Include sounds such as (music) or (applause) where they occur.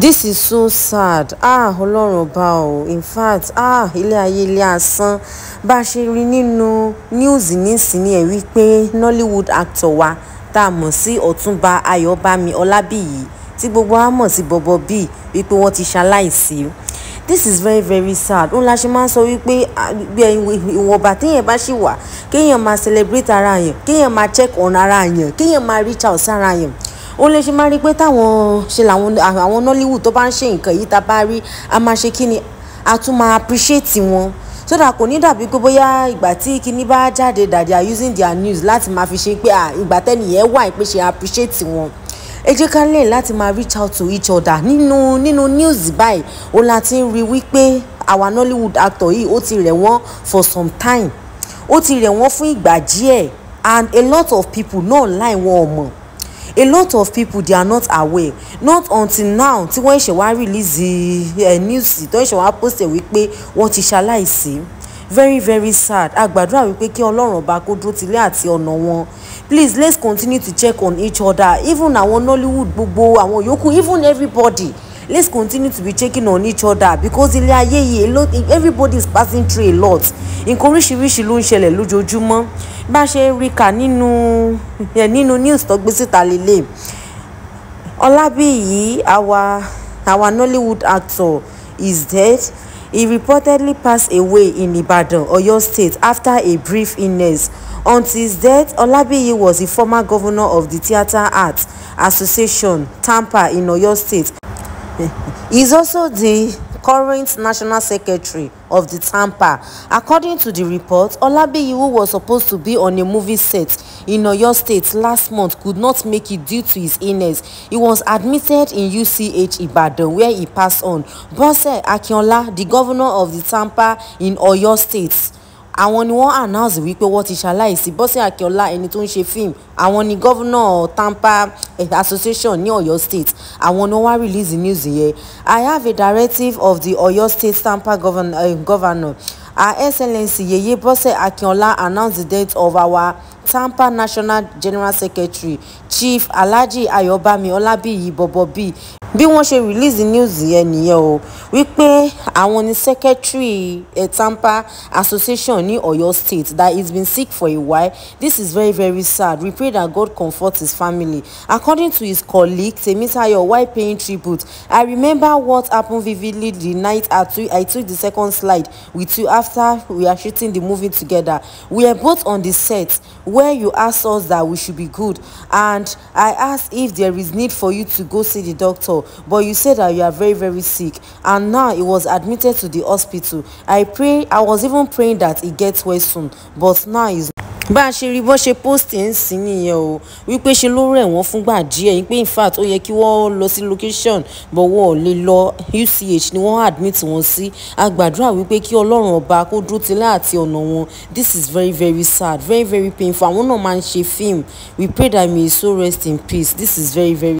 this is so sad ah ọlọ́run ọba o in fact ah ilé ayé ilé asán bá a ṣe rí nínú news nísìnyí ẹ̀ wípé nollywood actor wa tá a mọ̀ sí ọ̀túnba ayọ̀bámi ọlábíyì tí gbogbo wa mọ̀ sí bọ̀bọ̀ bíi wípé wọ́n ti ṣaláìsí this is very very sad ó la ṣe máa ń sọ wípé ah, ìwọ̀nba téèyàn bá ṣì wà kéèyàn máa celebrate ara yẹn kéèyàn máa check on ara yẹn kéèyàn máa reach out sára yẹn òun lè ṣe máa rí i pé táwọn ṣe làwọn àwọn Nollywood tó bá ń ṣe nǹkan yìí tá a bá rí a máa ṣe kí ni a tún máa appreciate wọn sódà kò ní dàbí pé bóyá ìgbà tí kinní bá jáde that they are using their news láti máa fi ṣe pé ìgbà tẹ́nìyẹn wà pé ṣe appreciate wọn ẹ jẹ́ ká lè láti máa reach out to each other nínú nínú news báyìí ó la ti ń rí wípé our Nollywood actor yìí ó ti rẹ̀ wọ́n for some time ó ti rẹ̀ wọ́n fún ìgbà díẹ̀ and a lot of people náà láì wọn ò mọ̀ a lot of people they are not aware not until now tí wọ́n ṣe wá release ẹ̀ eh, news tó ṣe wá post ẹ̀ wípé wọ́n ti ṣaláìsí very very sad a gbàdúrà wípé kí ọlọ́run ọba kó dúró tilé àti ọ̀nà wọn please let's continue to check on each other even àwọn Nollywood gbogbo àwọn yòókù even everybody let's continue to be checking on each other because ilé ayé yìí a lot everybody is passing through a lot nǹkan oríṣiríṣi ló ń ṣẹlẹ̀ lójoojúmọ́ bá ṣe ń rí kà nínú (laughs) eh, nínú news tó gbé síta lélẹ̀ Ọlábíyí our our Nollywood actor is dead he reportedly passed away in Ibadan, Oyo State after a brief illness until his death Olabiyi was the former governor of the Theatre Arts Association, Tampa in Oyo State He's also the current national secretary of the TAMPA. According to the report, Olabiyiwu was supposed to be on a movie set in Oyo State last month, could not make it due to his illness. He was admitted in UCH Ibadan, where he passed on. Bose Akinola, the governor of the TAMPA in Oyo State, àwọn ni wọ́n announce wípé wọ́n ti ṣaláìsí bọ́sẹ̀ akínọlá ẹni tó ń ṣe fíìmù àwọn ni gọ́vùnà tampa eh, association ní ọ̀yọ́ state àwọn ni wọ́n release the news yẹn i have a directive of the ọ̀yọ́ state tampa eh, governor, uh, governor. Our Excellency Yeye Bose Akinola announced the death of our Tampa National General Secretary chief alaji ayobami ọlábíyí bọ̀bọ̀ bíi bí wọ́n ṣe release news yẹn nìyẹn o wípé àwọn ni secretary etampa eh, association ní Ọ̀yọ́ state that he's been sick for a while this is very very sad we pray that God comforts his family according to his colleague Temitayo why paying tribute I remember what happened vividly the night after I took the second slide with you after we are shooting the movie together we are both on the set where you asked us that we should be good and and i asked if there is need for you to go see the doctor but you said that you are very very sick and now he was admitted to the hospital i pray i was even praying that he gets well soon but now he's bá a ṣe rí bọ́n ṣe pósìtì ń sìn nìyẹn o wípé ṣe ló rẹ̀ wọ́n fúngbà díẹ̀ yìí pé in fact ó yẹ kí wọ́n lọ sí location but wọn ò lè lọ UCH ni wọ́n admit wọn sí a gbàdúrà wípé kí ọlọ́run ọba kó dúró tilẹ̀ àti ọ̀nà wọn this is very very sad very very painful àwọn náà máa ń ṣe film we pray that may he so rest in peace this is very very.